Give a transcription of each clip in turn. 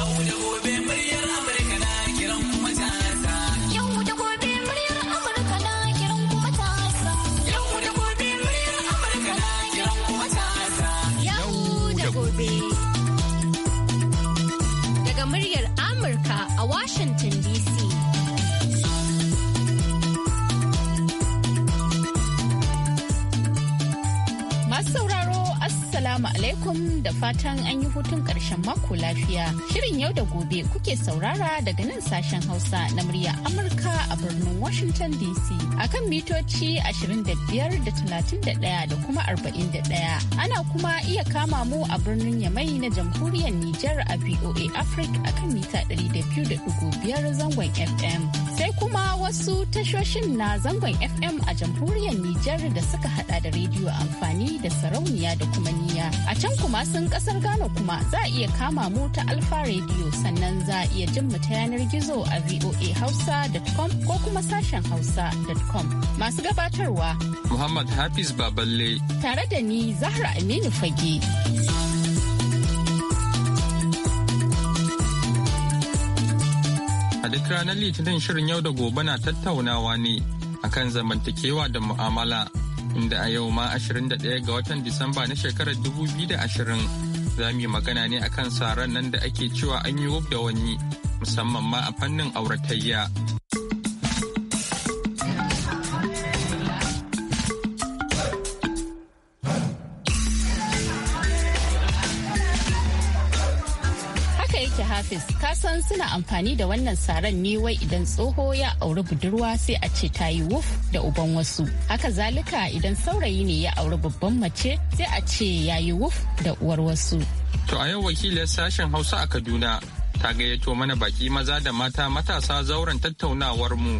no, no. fatan an yi hutun ƙarshen mako lafiya. Shirin yau da gobe kuke saurara daga nan sashen Hausa na murya Amurka a birnin Washington DC akan mitoci 25 da 31 da kuma 41. Ana kuma iya kama mu a birnin Yamai na jamhuriyar Nijar a VOA Africa akan mita 200.5 zangon FM. sai kuma wasu tashoshin na zangon FM a jamhuriyar Nijar da suka hada da rediyo amfani da sarauniya da kuma niya. A can kuma sun kasar Ghana kuma za a iya kama mu ta Alfa rediyo sannan za a iya jin mu ta yanar gizo a VOA Hausa.com ko kuma sashen Hausa.com. Masu gabatarwa. Muhammad Hafiz Baballe. Tare da ni Zahra Aminu Fage. duk ranar litinin shirin yau da gobe na tattaunawa ne akan zamantakewa da mu'amala inda a yau ma 21 ga watan Disamba na shekarar 2020 za mu yi magana ne akan saran nan da ake cewa an yi wub da wani musamman ma a fannin auratayya ka san suna amfani da wannan saran ne wai idan tsoho ya auri budurwa sai a ce ta yi wuf da uban wasu haka zalika idan saurayi ne ya auri babban mace sai a ce ya yi wuf da uwar wasu to a yau wakilin sashen hausa a kaduna ta gayyato mana baki maza da mata matasa zauren tattaunawar mu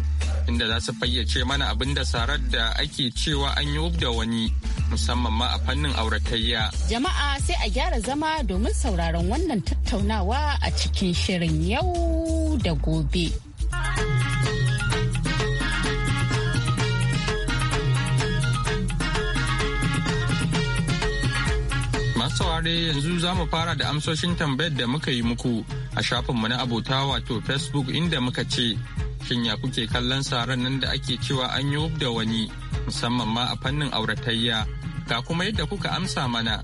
inda za su fayyace mana abin da sarar da ake cewa an yi da wani musamman ma a fannin auratayya. Jama'a sai a gyara zama domin sauraron wannan tattaunawa a cikin shirin yau da gobe. saurare yanzu za mu fara da amsoshin tambayar da muka yi muku a shafinmu na abota wato facebook inda muka ce Shin kuke kallon saran nan da ake cewa an yi da wani musamman ma a fannin auratayya ga kuma yadda kuka amsa mana.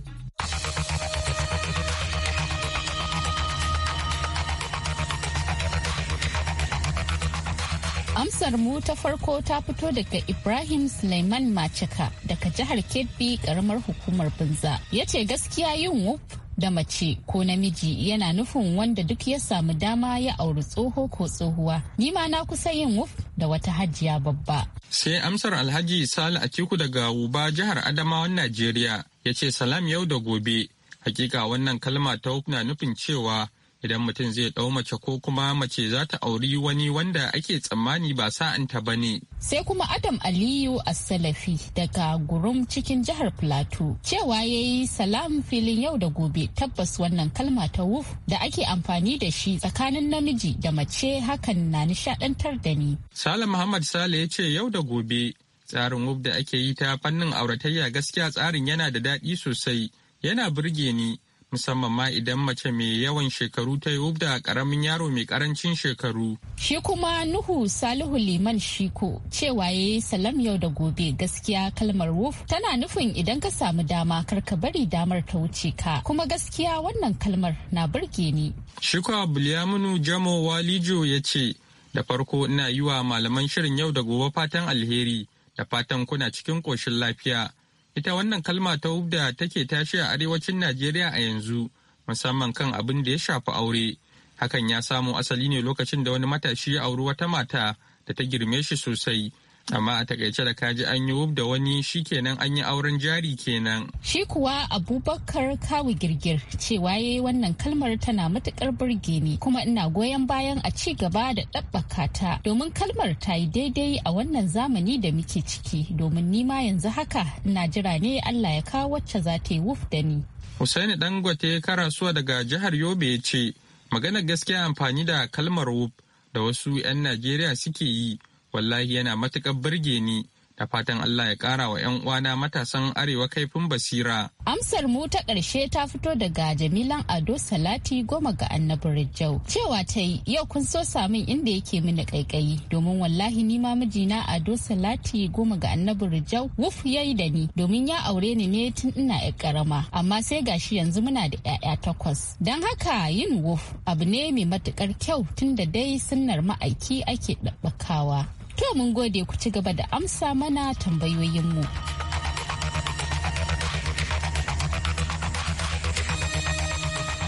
Amsar mu ta farko ta fito daga Ibrahim Suleiman machika daga jihar Kebbi karamar hukumar Binza. yace gaskiya yin wuf da mace ko namiji yana nufin wanda duk ya samu dama ya auri tsoho ko tsohuwa ni ma na kusa yin wuf da wata hajiya babba sai amsar alhaji sale atiku daga uba jihar adamawan najeriya ya ce salam yau da gobe hakika wannan kalma ta wuf na nufin cewa idan mutum zai ɗau mace ko kuma mace za ta auri wani wanda ake tsammani ba sa'anta ba ne. Sai kuma Adam Aliyu salafi daga Gurum cikin jihar Plateau cewa ya yi salam filin yau da gobe tabbas wannan kalma ta wuf da ake amfani da shi tsakanin namiji da mace hakan na nishadantar da ni. Sale Muhammad Sale ya ce yau da gobe tsarin wuf da ake yi ta fannin auratayya gaskiya tsarin yana da daɗi sosai yana burge ni. musamman ma idan mace mai yawan shekaru ta yi da karamin yaro mai karancin shekaru. Shi kuma Nuhu Salihu Liman Shiko cewa ya yi salam yau da gobe gaskiya kalmar wuf tana nufin idan ka samu dama kar ka bari damar ta wuce ka kuma gaskiya wannan kalmar na burge ni. Shiko Abuliyaminu Jamo Walijo ya ce da farko ina yi wa malaman shirin yau da gobe fatan alheri da fatan kuna cikin koshin lafiya. ita wannan kalma ta wubda take tashi a arewacin najeriya a yanzu musamman kan abin da ya shafi aure hakan ya samo asali ne lokacin da wani matashi ya auri wata mata da ta girme shi sosai amma a takaice da kaji an yi wub da wani shi kenan an yi auren jari kenan shi kuwa abubakar kawu girgir cewa ya yi wannan kalmar tana matukar burge ni kuma ina goyon bayan a ci gaba da ɗabbaka ta domin kalmar ta yi daidai a wannan zamani da muke ciki domin nima yanzu haka ina jira ne allah ya kawo wacce za ta yi wuf da ni Hussaini Dangote karasuwa daga jihar Yobe ya ce, maganar gaskiya amfani da kalmar wuf da wasu 'yan Najeriya suke yi wallahi yana matukar birge ni da fatan Allah ya kara wa 'yan uwana matasan arewa kaifin basira. Amsar mu ta ƙarshe ta fito daga Jamilan Ado Salati goma ga annabi Rijau. Cewa ta yi yau kun so samun inda yake mini ƙaiƙayi domin wallahi ni ma mijina Ado Salati goma ga annabi Rijau wuf ya yi da ni domin ya aure ni ne tun ina ƴar ƙarama amma sai gashi yanzu muna da 'ya'ya takwas. Don haka yin wuf abu ne mai matuƙar kyau tun da dai sunnar ma'aiki ake ɗabbakawa. To mun gode ku ci gaba da amsa mana tambayoyinmu.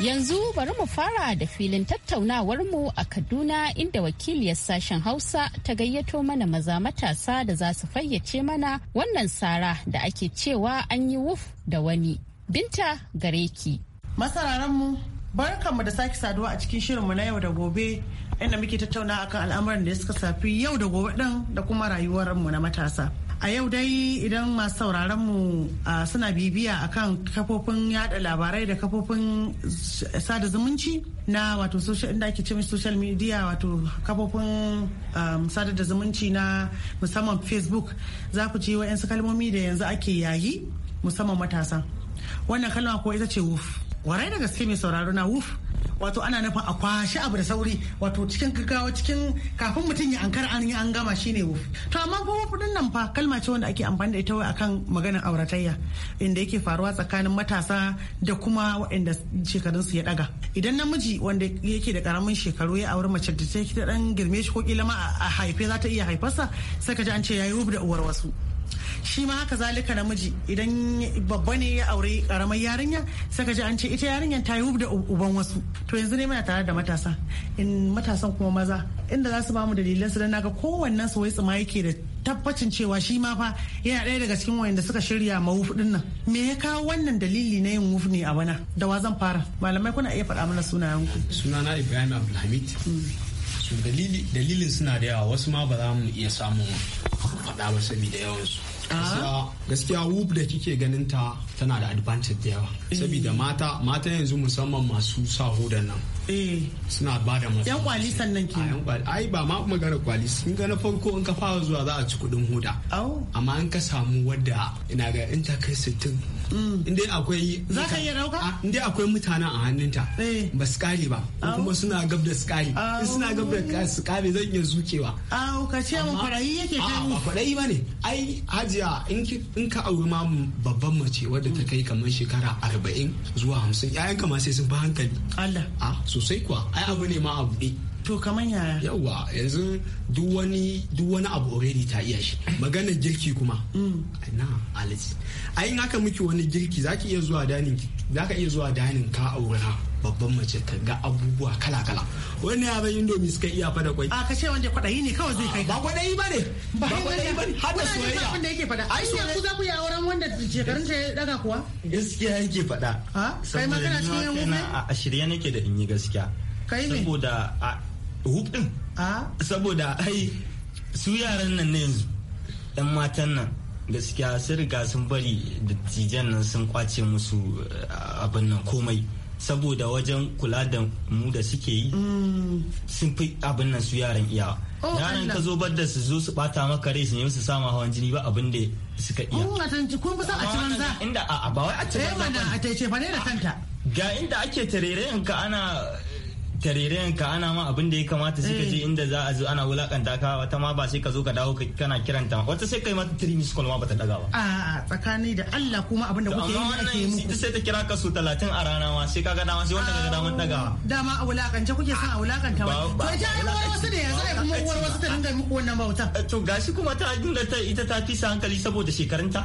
Yanzu bari mu fara da filin tattaunawarmu a Kaduna inda wakiliyar sashen Hausa ta gayyato mana maza matasa da za su fayyace mana wannan sara da ake cewa an yi wuf da wani. Binta gare ki. Masararanmu mu da sake saduwa a cikin shirinmu na yau da gobe inda muke tattauna akan al'amuran da suka safi yau da gobe din da kuma rayuwarmu na matasa a yau dai idan masu sauraron mu suna bibiya akan kafofin yada labarai da kafofin sada zumunci na wato social inda ake cewa social media wato kafofin um, sada da zumunci na musamman facebook za ku ji wa'yansu kalmomi da yanzu ake yayi musamman matasa wannan kalma ko ita ce wuf warai da gaske mai sauraro na wuf wato ana nufin a kwashi abu da sauri wato cikin gaggawa cikin kafin mutum ya ankara an yi an gama shine wuf to amma ko wuf din nan fa kalma ce wanda ake amfani da ita wai akan maganar auratayya inda yake faruwa tsakanin matasa da kuma waɗanda shekarun su ya daga idan namiji wanda yake da karamin shekaru ya auri mace da ta dan girme shi ko kila ma a haife za ta iya haifarsa sai ka ji an ce yayi wuf da uwar wasu shi ma haka zalika namiji idan babba ne ya aure karamar yarinya sai ka ji an ce ita yarinyar ta yi da uban wasu to yanzu ne muna tare da matasa in matasan kuma maza inda za su bamu dalilan su dan naga kowannen su wai tsima yake da tabbacin cewa shi ma fa yana ɗaya daga cikin wayanda suka shirya ma din nan me ya kawo wannan dalili na yin wuf ne a bana da wa zan fara malamai kuna iya faɗa mana sunayen ku sunana Ibrahim Abdulhamid dalilin suna da yawa wasu ma ba za mu iya samun faɗa ba saboda yawansu gaskiya ah? wub da kike ganin ta tana da advantage da yawa eh. saboda mata mata yanzu musamman masu sa hodan nan eh. suna ba da masu yan kwali sannan ke ah, ai ba ma magana kwali sun ga na farko in ka fara zuwa za a ci kudin hoda amma in ka samu wadda ina ga in ta kai sittin Mm. in dai akwai za ka iya dauka ah, in dai akwai mutanen a hannunta eh. ba su kare ba kuma suna gab da su kare in suna gab da su kare zan iya zukewa a ka ce mu farayi yake kai mu farayi bane ai hajiya in ka auri ma babban mace wadda ta kai kamar shekara arba'in zuwa hamsin ƴaƴanka ma sai sun fi hankali Allah a ah, sosai kuwa ai abu ne ma abu ne to kamar yaya yawa yanzu duwani duwani abu already ta iya shi maganar girki kuma mm. na alice a yin haka miki wani girki zaki iya zuwa danin zaka iya zuwa danin ka aurena babban mace ta ga abubuwa kala-kala wani yaran domin suka iya fada kwai a ce wanda kwadayi ne kawai zai kai ba kwadayi ba ne ba kwadayi ba ne hada soyayya abin da yake fada ai yanzu za ku yi auren wanda shekarun ta ya daga kuwa gaskiya yake fada kai ma kana cikin yan a shirye nake da in yi gaskiya kai ne saboda hook din saboda ai su yaran nan ne yanzu yan matan nan gaskiya sun riga sun bari dattijan nan sun kwace musu eh, abin nan komai saboda wajen kula da mu da suke yi mm. sun fi abin nan su yaran iyawa oh, yaran ka zo bar da su zo su bata maka rai su ne su sama hawan jini ba abin da suka iya oh, kun kusan a ci banza inda a ba wai a ci eh, banza ba ce fa ne da kanta ga inda ake tarerayen ka ana tarirayen ka ana ma abin da ya kamata sai ka je inda za a zo ana wulakanta ka wata ma ba sai ka zo ka dawo kana kiranta wata sai kai mata tiri miss ma bata daga ba a tsakani da Allah kuma abin da kuke yi ake muku sai ta kira ka su 30 a rana ma sai kaga dama sai wanda kaga daman daga. dama a wulakance kuke son a wulakanta ba to ita ai uwar wasu ne yanzu ai kuma uwar wasu ta dinga muku wannan bauta to gashi kuma ta dinga ta ita ta fi hankali saboda shekarunta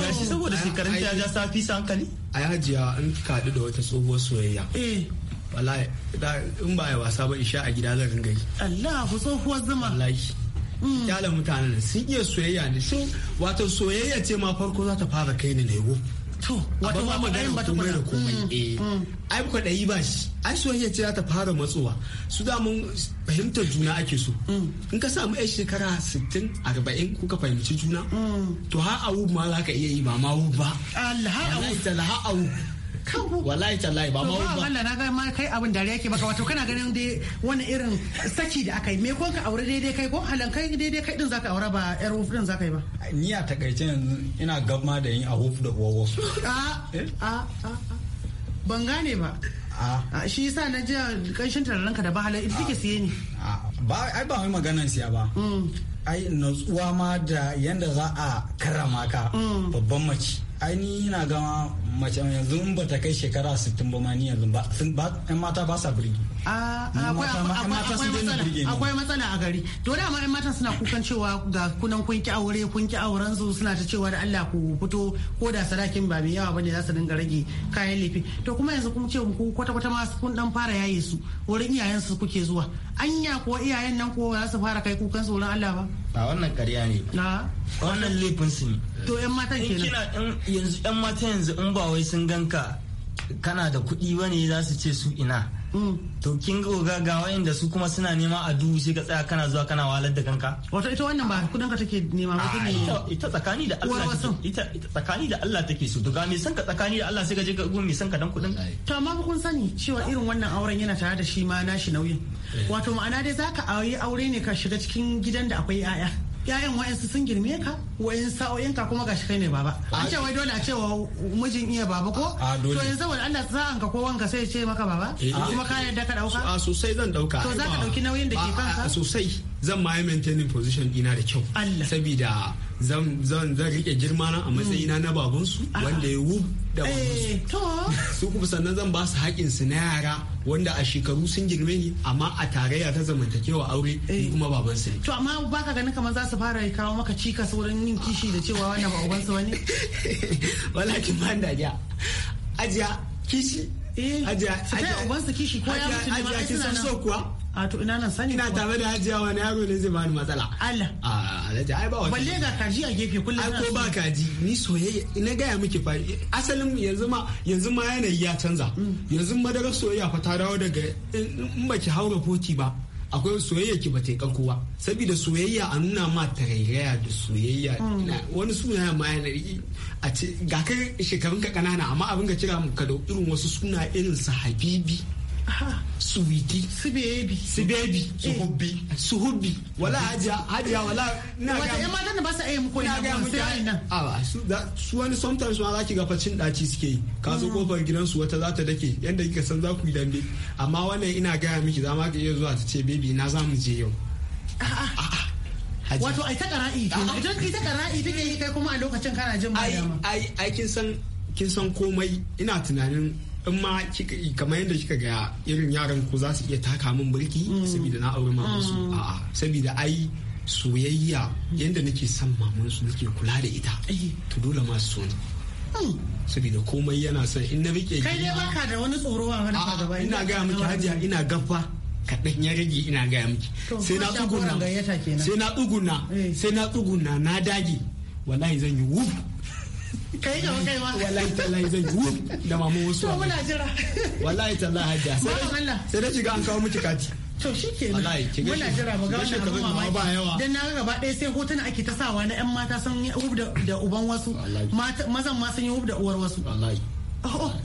gashi saboda shekarunta ya ja ta fisa hankali ai hajiya in ka da wata tsohuwar soyayya eh wallahi in ba ya wasa ba isha a gida zan ringa yi Allah ku tsohuwar zuma wallahi hmm. kyala mutanen sun iya soyayya ne sun wato soyayya ce ma farko za ta fara kai ni lego to wato ba magana ba ta kuma komai hmm, eh hmm. ai ku dai ba shi ai soyayya ce za ta fara matsowa su da mun fahimtar juna ake so in ka samu ai shekara 60 40 kuka fahimci juna to ha awu ma za ka iya yi ba ma wu ba Allah ha awu wallahi tallahi ba ma ba Allah na ga ma kai abin da yake baka wato kana ganin dai wani irin saki da aka yi me ko ka aure daidai kai ko halan kai daidai kai din zaka aure ba yar wuf din zaka yi ba ni a kaice yanzu ina gama da yin a wuf da uwa wasu a a a ban gane ba A. Ah. Ah, shi yasa na ji kanshin tararanka da ba halar ita kike ah. siye ni ba ai ba wai maganan siya ba mm. ai natsuwa ma da yanda za a karrama ka mm. babban mace ainihi na gama mace yanzu in ba ta kai shekara 60 ba ma ni yanzu ba yan mata ba sa birgi a ah, akwai matsala akwai matsala a gari to da yan mata suna kukan cewa ga kunan kun ki aure kun ki auren su suna ta cewa da Allah ku fito ko da sadakin ba mai yawa bane za su dinga rage kayan lefe to kuma yanzu kun ce ku kwata kwata ma kun dan fara yaye su wurin iyayen su kuke zuwa anya ko iyayen nan ko za su fara kai kukan su wurin Allah ba ba wannan ƙarya ne ba wannan laifin su ne to yan matan kenan yanzu yan mata yanzu in ba wai sun ganka kana da kuɗi bane za su ce su ina to kin ga ga wayanda su kuma suna nema a duhu sai ka tsaya kana zuwa kana walar da kanka wato ita wannan ba kudin ka take nema ba take ita tsakani da Allah ita tsakani da Allah take so to ga me san ka tsakani da Allah sai ka je ga gumi me san ka dan kudin to amma kun sani cewa irin wannan auren yana tare da shi ma nashi nauyin eh. wato ma'ana dai zaka aure aure ne ka shiga cikin gidan da akwai 'ya'ya yayan wayansu sun girme ka wa'in sa'o'in ka kuma gashi kai ne baba an ce wai dole a ce wa mijin iya baba ko to yanzu saboda Allah sa'an ka ko wanka sai ya ce maka baba eh, eh. kuma ka yarda ka dauka a sosai zan dauka to za ka dauki nauyin da ke kanka sosai zan ma yi position dina da kyau Allah zan zan rike girma na a matsayina na babansu ah. wanda ya wu da eh, su kuma sannan zan ba su haƙin su na yara wanda a shekaru sun girme ni amma a tarayya ta zamantakewa aure ni eh. kuma baban su to amma baka ganin kamar za su fara kawo maka cikas wurin yin kishi da cewa wannan ba uban eh, su bane wala kin ban da ja ajiya kishi ajiya ajiya uban kishi ko ya mutu ne ma suna so a to ina nan sani ina tare da hajiya wani yaro ne zai bani matsala Allah a alhaji ai ba wata balle ga kaji a gefe kullum ai ko ba kaji ni soyayya ina gaya miki fa asalin yanzu ma yanzu ma yanayi ya canza mm. yanzu madarar soyayya fa ta dawo daga in baki haura foki ba akwai soyayya ki bata kan kowa saboda soyayya a nuna ma tarairaya da soyayya mm. wani suna ma yana a ce ga kai shekarun ka kanana amma abin ka kira ka da irin wasu suna irin su habibi suwidi su bebi su bebi eh. su hubbi su hubbi wala hajiya hajiya wala na ga yan matan da ba sa ayyuka koyi na sai na a su da su wani sometimes ma zaki ga facin daci suke yi ka zo kofar mm. gidan su wata za ta dake yanda kika san za ku yi dambe amma wannan ina gaya miki za ma ka iya zuwa ta ce bebi na za mu je yau wato ai ta kara'i idan ta kara'i take yi kai kuma a lokacin kana jin ba ai ai kin san kin san komai ina tunanin in ma kamar yadda kika ga irin yaran ku za su iya taka min birki mm. saboda na auri su mm. a'a saboda ai soyayya yadda nake son mamansu nake kula da ita to dole ma su ne mm. saboda komai yana son in na rike kai dai baka da wani tsoro a wani gaba ina ga miki hajiya ina gaffa kaɗan ya rage ina gaya miki sai na tsuguna sai na tsuguna sai na tsuguna na dage wallahi zan yi wuf kai ga kai ma wallahi tallahi zai wuf da mamu wasu to muna jira wallahi tallahi hajja sai dai shiga an kawo miki kati to shikenan muna jira mu ga ba yawa dan na gaba ɗaya sai hotuna ake ta sawa na yan mata sun yi hub da uban wasu mazan ma sun yi hub da uwar wasu wallahi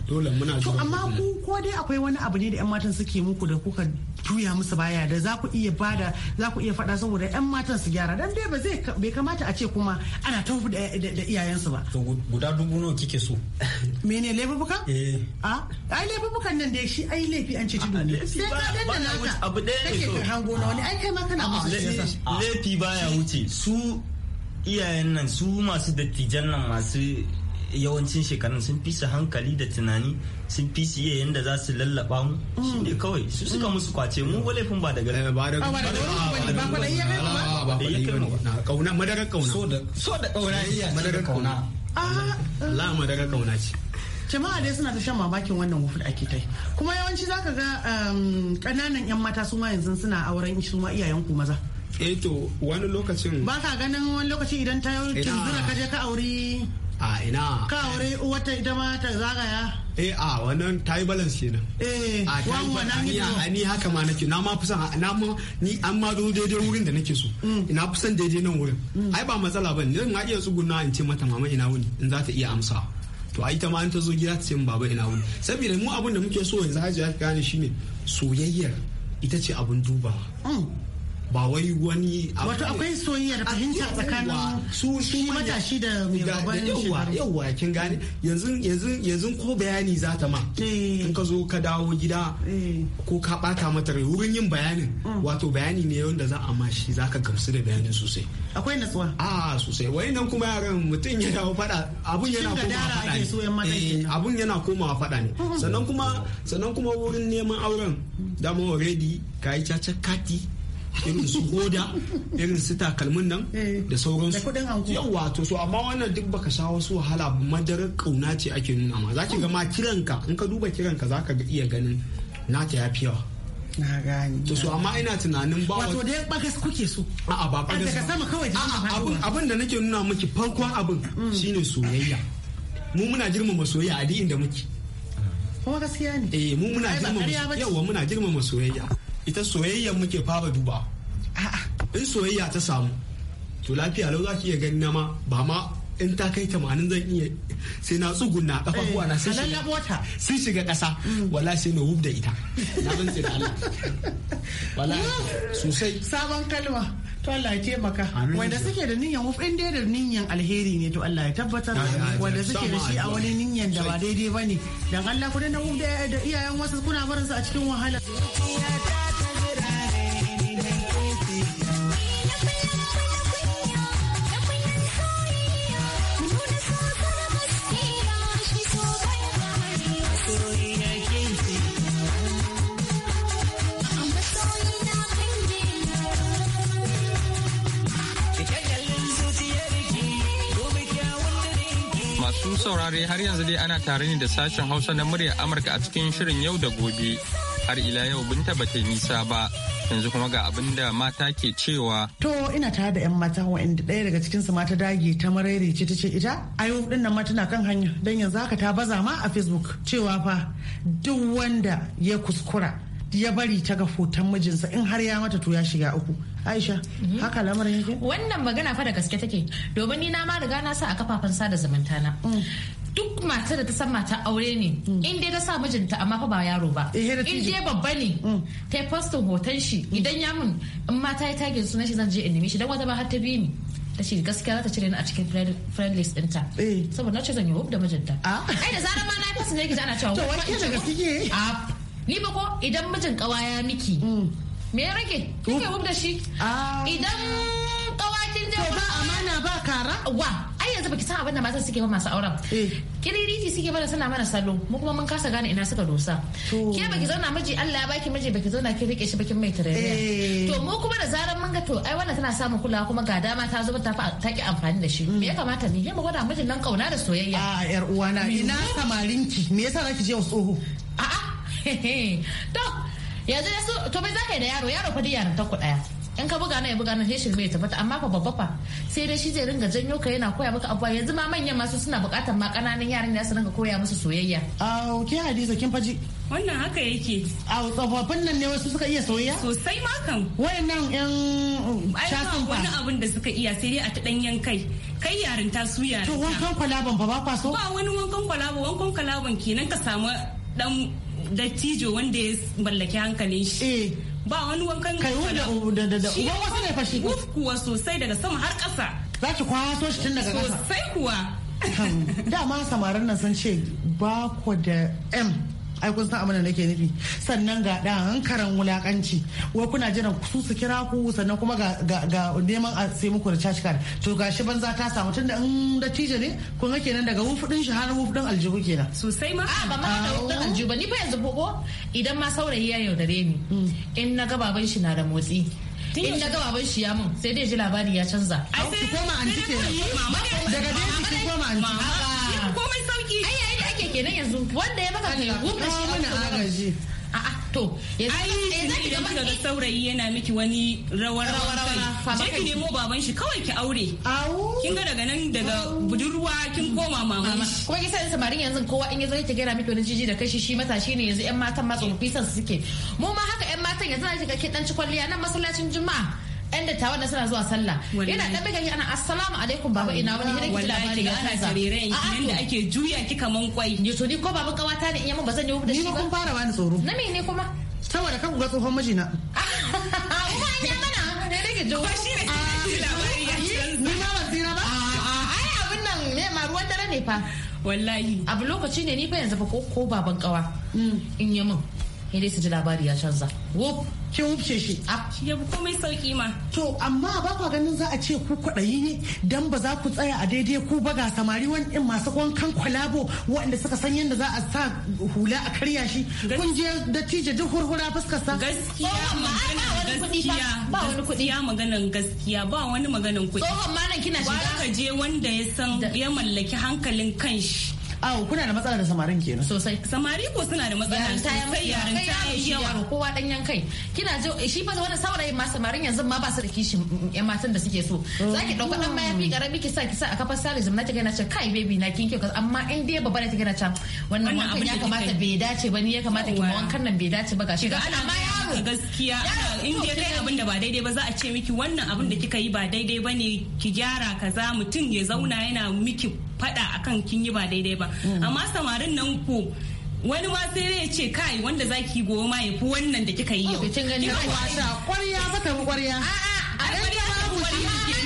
dole muna to amma ku ko dai akwai wani abu ne da yan matan suke muku da kuka tuya musu baya da za ku iya bada za ku iya fada saboda yan matan su gyara dan dai ba zai bai kamata a ce kuma ana tafi da iyayensu ba to guda dubu nawa kike so mene laifukan eh a ai laifukan nan da shi ai laifi an ce tudu sai ka danna naka abu ɗaya ne kake hango na wani ai kai ma kana musu laifi baya wuce su iyayen nan su masu dattijan nan masu yawancin shekarun sun fi su hankali da tunani sun fi su yayin yadda za su lallaba mu shi ne kawai su suka musu kwace mu wale fun eh, ba daga ba da ba da kauna madara kauna so da so da kauna madarar kauna ah, ah. la madara kauna ce jama'a dai suna ta shan mamakin wannan wufu ake kai kuma yawanci zaka ga kananan um, yan mata su ma yanzu suna auren shi ma iyayen ku maza eh to wani lokacin ba ka ganin wani lokaci idan ta yi tunzura ka je ka auri a ina ka aure wata ita ma ta zagaya eh a wannan ta yi balance kenan eh na ni a ni haka ma nake na ma fi son na ma ni an ma zo daidai wurin da nake so mm. ina fi son daidai nan wurin mm. ai ba matsala ba ne na iya tsuguna in ce mata mama ina wuni in za ta iya amsa to ai ta ma an ta zo gida ta ce baba ina wuni saboda mu abin da muke so yanzu hajiya ta gane shine soyayyar ita ce abin dubawa mm. ba wai wani wato akwai soyayya da ah, fahimta tsakanin su shi matashi da mai baban shi yawa kin gane yanzu yanzu yanzu ko bayani za ta ma eh. in ka zo ka dawo gida eh. ko ka bata mata rai wurin yin bayanin mm. wato bayani ne wanda za a mashi za ka gamsu da bayanin sosai akwai natsuwa a sosai wai nan kuma yaran mutum ya dawo fada eh, abun yana komawa fada ne abun yana komawa fada ne sannan kuma sannan kuma wurin neman auren dama already ka yi caca kati irin su goda irin su takalmin nan eh, da sauransu yawa to so amma wannan duk baka sha wasu wahala madarar kauna ce ake nuna ma zaki ga ma kiranka in ka duba kiranka zaka ga iya ganin na ya yafi yawa na gani to so amma ina tunanin ba wato da ka kuke so a ba bagas daga sama kawai abin abin da nake nuna miki farkon abin mm. shine soyayya mu muna girmama soyayya a duk inda muke ko gaskiya ne eh mu muna girmama yawa muna girmama soyayya ita soyayya muke fara duba in soyayya ta samu to lafiya lau za ki iya gani na ma ba ma in ta kai tamanin zan iya sai na tsuguna kafafuwa eh, na sun shiga wata sun shiga kasa wala sai na mm. wub da ita na rantsi da Allah wala ah. sosai sabon kalma to Allah ya taimaka wanda suke da niyan wub in dai da niyan alheri ne to Allah ya tabbatar wanda suke da shi a wani niyan da ba daidai bane dan Allah ku da wub da iyayen wasu kuna barin su a cikin wahala saurare har yanzu dai ana tare ne da sashen Hausa na muryar Amurka a cikin shirin yau da gobe. Har ila yau binta ba nisa ba. Yanzu kuma ga abin da mata ke cewa. To ina tare da 'yan mata wa'anda ɗaya daga cikin su mata dage ta maraire ce ta ce ita ayo din nan tana kan hanya dan yanzu haka ta baza ma a Facebook cewa fa duk wanda ya kuskura ya bari ta ga hoton mijinsa in har ya mata to ya shiga uku aisha mhm. haka lamarin yake wannan magana fa da gaske take domin ni na ma riga na sa a kafafen sada zumunta na mm. duk mata da ta san mata aure ne mm. in dai ta sa mijinta amma fa ba yaro ba eh, in dai babba ne mm. ta yi postin hoton shi idan ya mun in ma ya yi tagin sunan shi zan je in nemi shi dan wata ba har ta bi ni ta ce gaskiya za ta cire ni a cikin friend list ɗinta. Eh. saboda na ce zan yi da mijinta ah. ai da zarar ma na yi fasin ne ki ana cewa to wani da gaske a ni ba ko idan mijin kawaya miki me ya rage kike wub da shi ah. idan kawakin je ba amana ba kara wa ai yanzu baki san abin da mata suke ba masu auren eh. kiririti suke mana suna mana salo mu kuma mun kasa gane ina suka dosa ke baki zauna miji Allah ya baki miji baki zauna ki rike shi baki mai tarayya eh. to mu kuma da zaran mun ga to ai wannan tana samun kulawa kuma ga dama ta zo ta ta ki amfani da shi mm. me ya kamata ni mu gwada mijin nan kauna da soyayya a ah, yar uwana ina samarinki me yasa zaki je wasu a'a to yanzu da su to bai za ka yi da yaro yaro fa dai yaran ta ku daya in ka buga na ya buga na sai shirme ta fata amma fa babba fa sai dai shi zai ringa janyo ka yana koya maka abuwa yanzu ma manyan masu suna bukatar ma kananan yaran da su ringa koya musu soyayya ah ke hadiza kin faji wannan haka yake au tsofaffin nan ne wasu suka iya soyayya sosai ma kan wayannan yan shafin fa wani abin da suka iya sai dai a ta danyen kai kai yarin ta su yarin to wankan kwalaban ba ba kwaso. ba wani wankan kwalaban wankan kwalaban kenan ka samu dan dattijo wanda ya mallaki hankalin shi eh. ba wani wankan kai wanda da da uban wasu ne fashi kuwa sosai daga sama har kasa za ki kwaso shi tun daga kasa. sosai kuwa dama samarin nan sun ce ba ku da m ai kun san abin da nake nufi sannan ga ɗan karan wulakanci wai kuna jiran su su kira ku sannan kuma ga neman a sai muku da charge card to gashi banza ta samu tunda in da tije ne kun ga kenan daga wufudin shi har wufudin aljihu kenan sosai ma a ba ma da wufudin aljihu ba ni fa yanzu bobo idan ma saurayi ya yaudare ni mm. in na ga baban shi na da motsi in na ga baban shi ya mun sai dai ji labari ya canza ai sai koma anti ke daga dai ki koma anti kenan yanzu wanda ya maka kai gum shi mana agaji a'a to yanzu da saurayi yana miki wani rawar kai je ki nemo baban shi kawai ki aure kin ga daga nan daga budurwa kin koma mama kuma kisa samarin yanzu kowa in yazo yake gera miki wani jiji da kashi shi matashi ne yanzu yan matan ma tsofaffi san suke mu ma haka yan matan yanzu na shiga kin dan ci kwalliya nan masallacin juma'a yan dattawa da suna zuwa sallah yana dan daga ana assalamu alaikum baba ina wani hidin ki labari ga ana tarere yanda ake juya ki kaman kwai ni to ni ko baba kawata ne in yamma ba zan yi da shi ba ni kun fara bani tsoro na me ne kuma saboda kan ga tsohon mijina kuma ina mana ne ne ke jo ko shi ne labari ya ci ni ma ba tsira ba ai abin nan ne ma ruwan dare ne fa wallahi abu lokaci ne ni fa yanzu fa ko baban kawa mm. in yi sai dai su ji labari ya canza wuf kin wufce shi shi ya komai sauki ma to amma ba kwa ganin za a ce ku kwaɗayi ne dan ba za ku tsaya a daidai ku ba ga samari wani masu wankan kwalabo waɗanda suka san yadda za a sa hula a karya shi kun je da tije duk hurhura fuskar sa gaskiya gaskiya ba wani kuɗi ya maganan gaskiya ba wani maganan kuɗi tsohon ma nan kina shiga ka je wanda ya san ya mallaki hankalin kanshi awo kuna da matsala da samarin kenan sosai samari ko suna da matsala sosai yaran ta yi yawa kowa dan kai kina je shi fa wani saurayin ma samarin yanzu ma ba su da kishin yan matan da suke so oh. zaki dauka dan mayafi karami ki sa ki sa a kafar salizum na kike na ce kai baby na kin kyau amma in dai babba da kike na ce wannan abu ya kamata bai dace ba ni ya kamata ki wankan nan bai dace ba gashi ga ana ma yaro gaskiya in dai kai abin da ba daidai ba za a ce miki wannan abin da kika yi ba daidai ba ne ki gyara kaza mutum ya zauna yana miki faɗa akan kin yi ba daidai ba mm. amma samarin nan ku wani ma sai ya ce kai wanda zaki gobe ma ya fi wannan da kika yi yau kin gani wasa kwarya mata mu kwarya a a a shi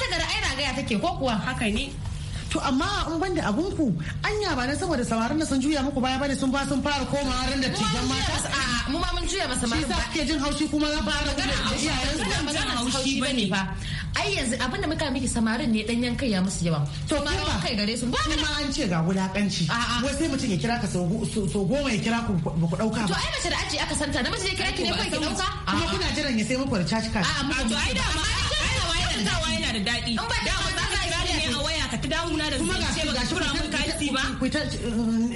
ta gara ga ya take ko kuwa haka ne to amma in banda abun ku anya ba na saboda samarin da sun juya muku baya bane sun ba sun fara komawa ran da tijan mata a'a mu ma mun juya masa mara ba ke jin haushi kuma na ba magana iyayen su ba haushi bane ba ai yanzu abin da muka miki samarin ne dan yankan ya musu yawa to ma ba kai gare su ba kuma an ce ga wulakanci wai sai mutum ya kira ka so goma ya kira ku ba ku dauka ba to ai mace da aji aka santa namiji ya kira ki ne kai ki dauka kuma kuna jiran ya sai muku da charge card a to ai da ma ai da yana da dadi ne a waya ka ta dawo na da kuma ga shi ga shi mun kaci ba ku ta uh,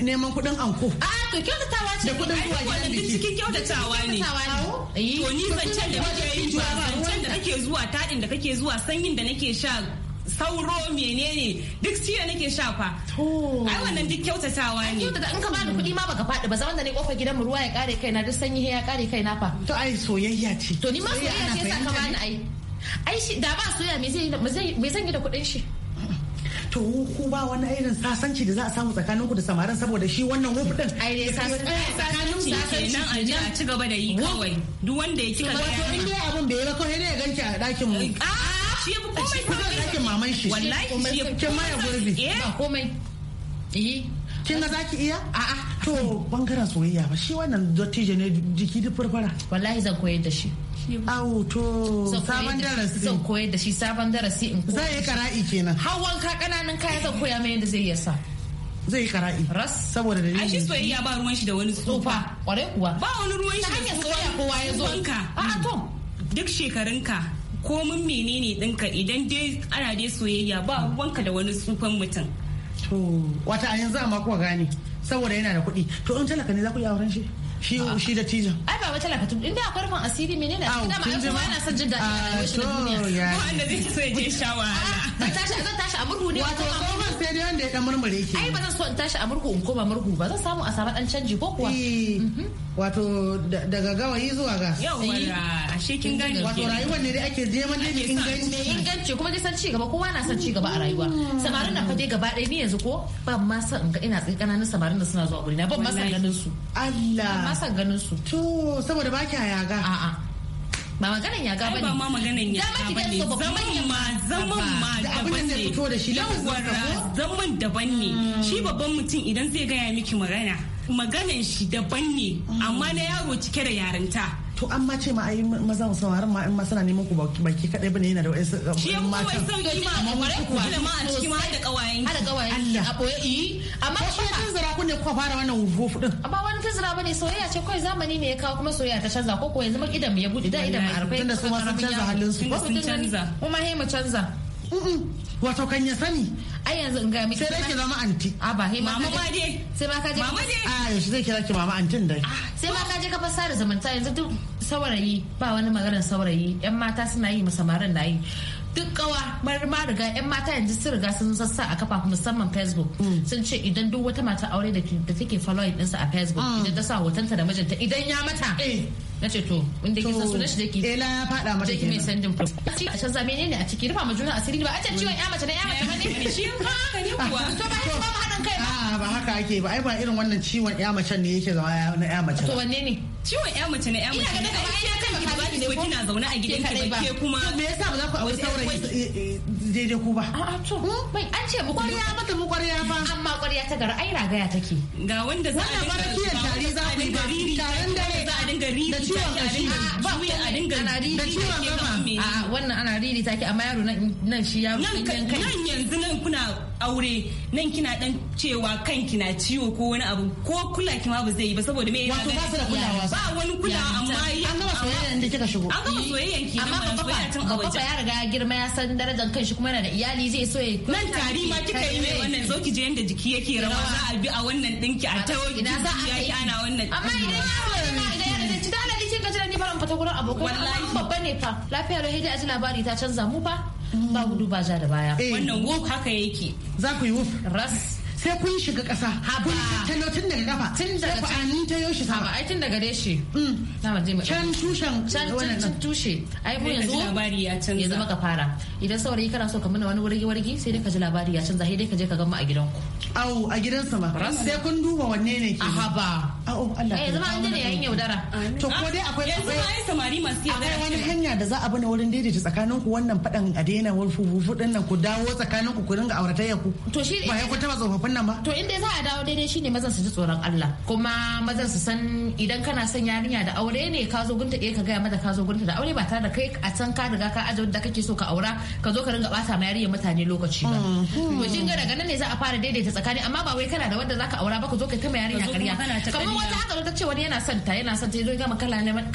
neman kuɗin anko a to kyautatawa ce da kudin zuwa gidan biki cikin kyautatawa ne eh. to ni ban can da kake yi ba can da kake zuwa taɗin da kake zuwa sanyin da nake sha sauro menene duk shi nake shafa. Ai wannan duk kyautatawa ne. Kyautata in ka bada kuɗi ma baka faɗi ba zan da ne kofar gidan mu ruwa ya kare kaina duk sanyi ya kare kaina fa. To ai soyayya ce. To ni ma soyayya ce sa ka bani ai. Ai shi da ba soyayya me zai me zan yi da kuɗin shi. to ku ba wani irin sasanci da za a samu tsakanin ku da samarin saboda shi wannan wuf din ai dai sasanci kenan a ji a ci gaba da yi kawai duk wanda ya kika ga wato in dai abun bai yi ba kawai ne ya ganki a dakin mu ah, shi ya fi komai komai dakin maman shi wallahi shi ya fi komai eh. ba komai eh kin ga zaki iya a'a to bangaren soyayya ba shi wannan dottijo ne jiki duk farfara wallahi zan koyar da shi Awo to sabon darasi. Zan koyar da shi sabon darasi in koyar. Zai yi kara'i kenan. Hawan ka kananan kaya zan koya mai yadda zai iya sa. zai yi kara'i ras saboda da shi soyayya ba ruwan shi da wani tsufa kware kuwa ba wani ruwan shi da hanyar soyayya kowa ya zo ka a to duk shekarunka mun menene ɗinka idan dai ana dai soyayya ba wanka da wani tsufan mutum wata a yanzu amma kuwa gane saboda yana da kuɗi to in talaka ne za ku yi auren shi shi shi da tijan ai ba wata lakatu inda akwai rufin asiri menene a cikin dama kuma yana son jin daɗi ah, rayuwar shi da duniya ko wanda zai so ya je shawara ah, zan tashi zan tashi a murhu ne wato ban sai dai wanda ya dan murmure ke ai ba zan so in tashi a murhu in koma murhu ba zan samu a samu dan canji ko kuwa eh, mhm. wato daga gawayi zuwa ga yawa ashe kin gani wato rayuwar ne dai ake neman dai inganci inganci kuma dai san ci gaba kowa na san ci gaba a rayuwa mm. samarin nan fa dai gaba ɗaya ni yanzu ko ban ma san ina tsaye kananan samarin da suna zuwa gurina ban ma san ganin su Allah ma ganin su to saboda ba kya yaga a'a ba maganan yaga bane ba ma maganan yaga bane zaman ma zaman ma daban ne zaman daban ne mm. shi babban mutum idan zai gaya miki magana maganan shi daban ne mm. amma na yaro cike da yarinta to an ma ce ma ai mazan samarin ma in ma suna neman ku baki kadai bane yana da wa'ansu matan ma wai sauki ma a kware ku da ma a cikin ma da kawayen har da kawayen a boye yi amma ko shi tun ku ne kuka fara wannan wufuf din ba wani tun zira bane soyayya ce kai zamani ne ya kawo kuma soyayya ta canza ko kuwa yanzu idan mu ya bude da idan mu arfai tunda su ma sun canza halin su sun canza kuma he mu canza wato kan ya sani ai yanzu in ga miki sai dai ki zama anti a ah, ba he mama ba dai sai ma ka je mama dai a ah, yaushe zai kira ki mama antin dai ah, sai ma ka je ka fasara zamanta yanzu duk saurayi ba wani maganin saurayi yan mata suna yi musamman na yi duk kawa mar ma riga yan mata yanzu sun riga sun sassa a kafa musamman facebook mm. sun ce idan duk wata mata aure da take following ɗinsa a facebook mm. idan ta sa hotonta da mijinta idan ya mata eh. na ce to ke sassu eh, na shi dake eh ya fada mata kenan mai sandin fa ci a can zamene ne a ciki rufa ma juna asiri ba a can ciwon ya mace na ya mace ne mm. shi ma haka ne kuwa to ba ya ba hadan kai ba ba haka ake ba ai ba irin wannan ciwon ya mace ne yake zama na ya mace to wanne ne ciwon ya mace na ya mace ne ai kan ki ba ki ne kina zaune a gidanki ba ke kuma me yasa ba za ku aure saurayi daidai ko ba. A'a to hmm? bai an ce mu kwarya mata mu kwarya ba. Amma kwarya ta gara ai ragaya take. Ga wanda za a dinga wannan barakiyar tari za ku yi ba. tarin dare za a dinga riri. Da ciwon kashi. Ba wuya a dinga riri. Da ciwon gama. A'a wannan ana riri take amma yaro nan shi yaro nan kai. Nan yanzu nan kuna aure nan kina dan cewa kanki na ciwo ko wani abu ko kula ki ma ba zai yi ba saboda me wato ba su da kulawa ba wani kula amma an gama soyayya da kika shigo an gama soyayyan ki amma ba ba ya riga ya girma ya san darajar kanshi kuma na da iyali zai so ya nan tari ma kika yi mai wannan zo ki je yanda jiki yake rawa za a bi a wannan dinki a tawo ina za a yi ana wannan amma idan ya ci da ana dikin ka ni fara fata gurin abokai wallahi babba ne fa lafiya lo hidi a ji labari ta canza mu fa ba gudu ba ja da baya wannan wuf haka yake za ku yi wuf ras sai kun shiga ƙasa kun tattalo tun daga kafa tun daga fa'ani ta yoshi sama ai tun daga reshe mm. can tushen can tushe ai mu yanzu labari ya canza yanzu maka fara idan saurayi kana so ka mana wani wargi wargi sai dai ka ji labari ya canza sai dai ka je ka ga mu a gidanku au a gidansa ba sai kun duba wanne ne ke aha ba au Allah eh, ya zama an ne yayin yaudara to ko dai akwai yanzu ma ai samari masu yaudara akwai wani hanya da za a na wurin daidaita tsakanin ku wannan fadan a daina wurfu wurfu nan ku dawo tsakanin ku ku ringa auratayya ku to shi ba ya ku taba tsofaffin abin nan ba to inda za a dawo daidai shine mazan su ji tsoron Allah kuma mazan su san idan kana son yarinya da aure ne ka zo gunta eh, ka gaya mata ka zo gunta da aure ba tare da kai a san ka riga ka aje da kake so ka aura ka zo ka ringa bata ma yarinya mutane lokaci ba mm-hmm. to kin ga daga nan ne za a fara daidaita tsakani amma ba wai kana da wanda zaka aura ba ka zo kai ta ma yarinya ƙarya kamar wata haka ta ce wani yana son ta yana son ta zo ga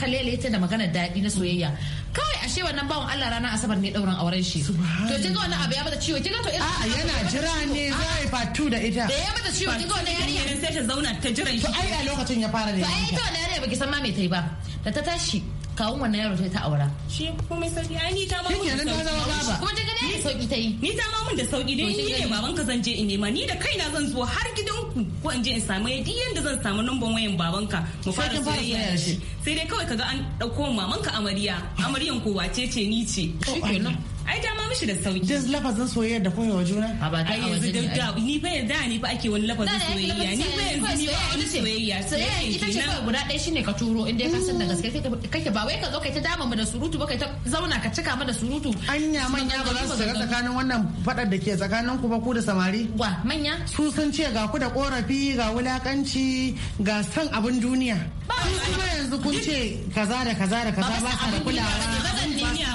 kalele ta da magana daɗi na soyayya kawai ashe wannan bawan Allah rana asabar ne dauran auren shi to kin ga wannan abu ya bada ciwo kin ga to a yana jira ne za fatu da ita da ya mata ciwo kin ga wannan yarinya sai ta zauna ta jira shi to ai a lokacin ya fara da ita ai ita wannan yarinya baki san ma me tai ba da ta tashi kawun wannan yaro ta aura. Shi mai sauki ai ni ta ma mun da sauki. Kuma ta ni sauki ta yi. Ni ta ma mun da sauki dai ni ne baban ka zan je in nema ni da kaina zan zo har gidanku ko in je in samu ya duk yanda zan samu numban wayan baban ka mu fara soyayya shi. Sai dai kawai kaga an dauko mamanka amarya amaryan ko wace ce ni ce. kenan. ai ma mishi da sauki duk lafazin soyayya da koyewa juna a ba ta yanzu da ni fa yanzu ni fa ake wani lafazin soyayya ni fa yanzu ni ba wani soyayya soyayya ita ce kawai guda ɗaya shine ka turo in dai ka san da gaske kake ba wai ka zo kai ta dama mu da surutu ba kai ta zauna ka cika mu da surutu anya manya ba za su shiga tsakanin wannan fadar da ke tsakanin ku ba ku da samari wa manya su sun ce ga ku da korafi ga wulakanci ga san abin duniya su kuma yanzu kun ce kaza da kaza da kaza ba sa da kulawa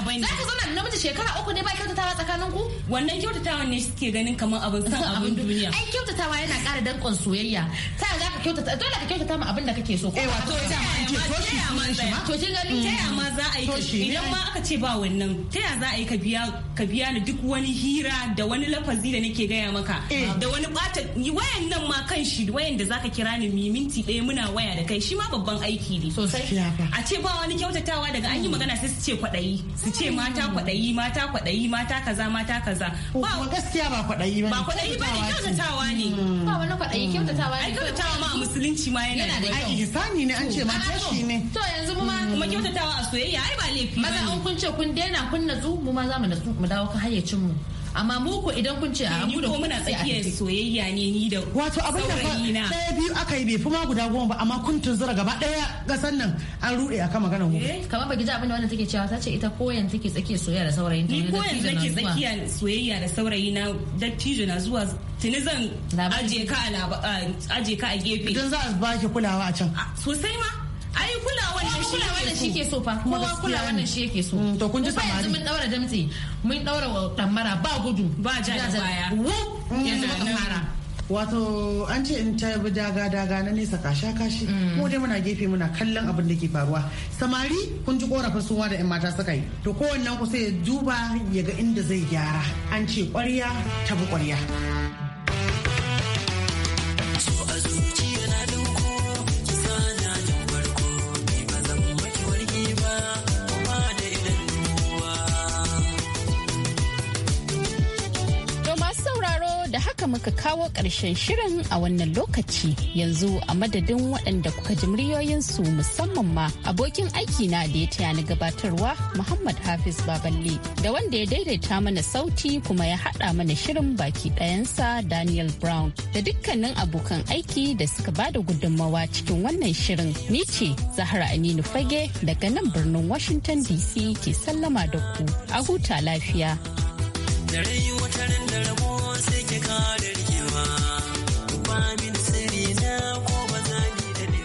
ba za ka zauna shekara uku ne ba kyautatawa tsakanin ku wannan kyautatawa ne suke ganin kamar abin san abin duniya ai kyautatawa yana ƙara dankon soyayya ta za ka kyautata dole ka kyautata ma abin da kake so eh wato ita ma ake toshi shi ma to kin gani mm. ta ya ma za a yi idan ma aka ce ba wannan ta ya za a yi ka biya ka biya ni duk wani hira da wani lafazi da nake gaya maka eh. da wani bata wayan nan ma kan shi wayan da zaka kira ni mi minti ɗaya muna waya da kai shi ma babban aiki ne sosai a ce ba wani kyautatawa daga an yi magana sai su ce kwaɗayi su ce mata kwaɗayi kwaɗayi mata kwaɗayi mata kaza mata kaza. Ba gaskiya ba kwaɗayi ba ne. Ba kwaɗayi ba ne kyautatawa ne. Hmm. Ba wani kwaɗayi hmm. kyautatawa ne. Ai kyautatawa ma a musulunci ma yana da kyau. Ai ihsani ne an ce ma tashi ne. To yanzu mu ma. Hmm. Kuma kyautatawa a soyayya ai ba laifi. Maza an kun ce kun daina kun natsu mu ma za mu natsu mu dawo ka hayyacin mu. amma mu ko idan kun ce a mu da muna tsakiyar soyayya ne ni da wato abin da fa sai biyu aka yi bai fi ma guda goma ba amma kun tunzura gaba daya gasan nan an rude akan magana mu eh? kamar baki ji abin da wannan take cewa ta ce ita koyan take tsakiya soyayya da saurayin ta ni koyan take tsakiya soyayya da saurayi na dattijo na zuwa tuni zan aje ka a gefe idan za a baki kulawa a can sosai ma ai kula nan shi wannan shi ke so fa kowa kula nan shi yake so mm, to kun ji samari mun daura damtsi mun daura damara ba gudu ba ja da baya yanzu mm. muka fara wato an ce in ta bi daga daga na nesa kasha kashi ko mm. dai muna gefe muna kallon abin da ke faruwa samari kun ji korafin suwa da yan mata suka yi to kowannen ku sai ya duba ya ga inda zai gyara an ce kwarya ta bi kwarya muka kawo ƙarshen shirin a wannan lokaci yanzu a madadin waɗanda kuka ji muryoyinsu musamman ma abokin aiki na da ya taya ni gabatarwa Muhammad Hafiz Baballe da wanda ya daidaita mana sauti kuma ya haɗa mana shirin baki ɗayansa Daniel Brown da dukkanin abokan aiki da suka ba da gudunmawa cikin wannan shirin. Ni ce Zahra Aminu Fage daga nan birnin Washington DC ke sallama da ku a huta lafiya. da wata da rabuwa sai காடடி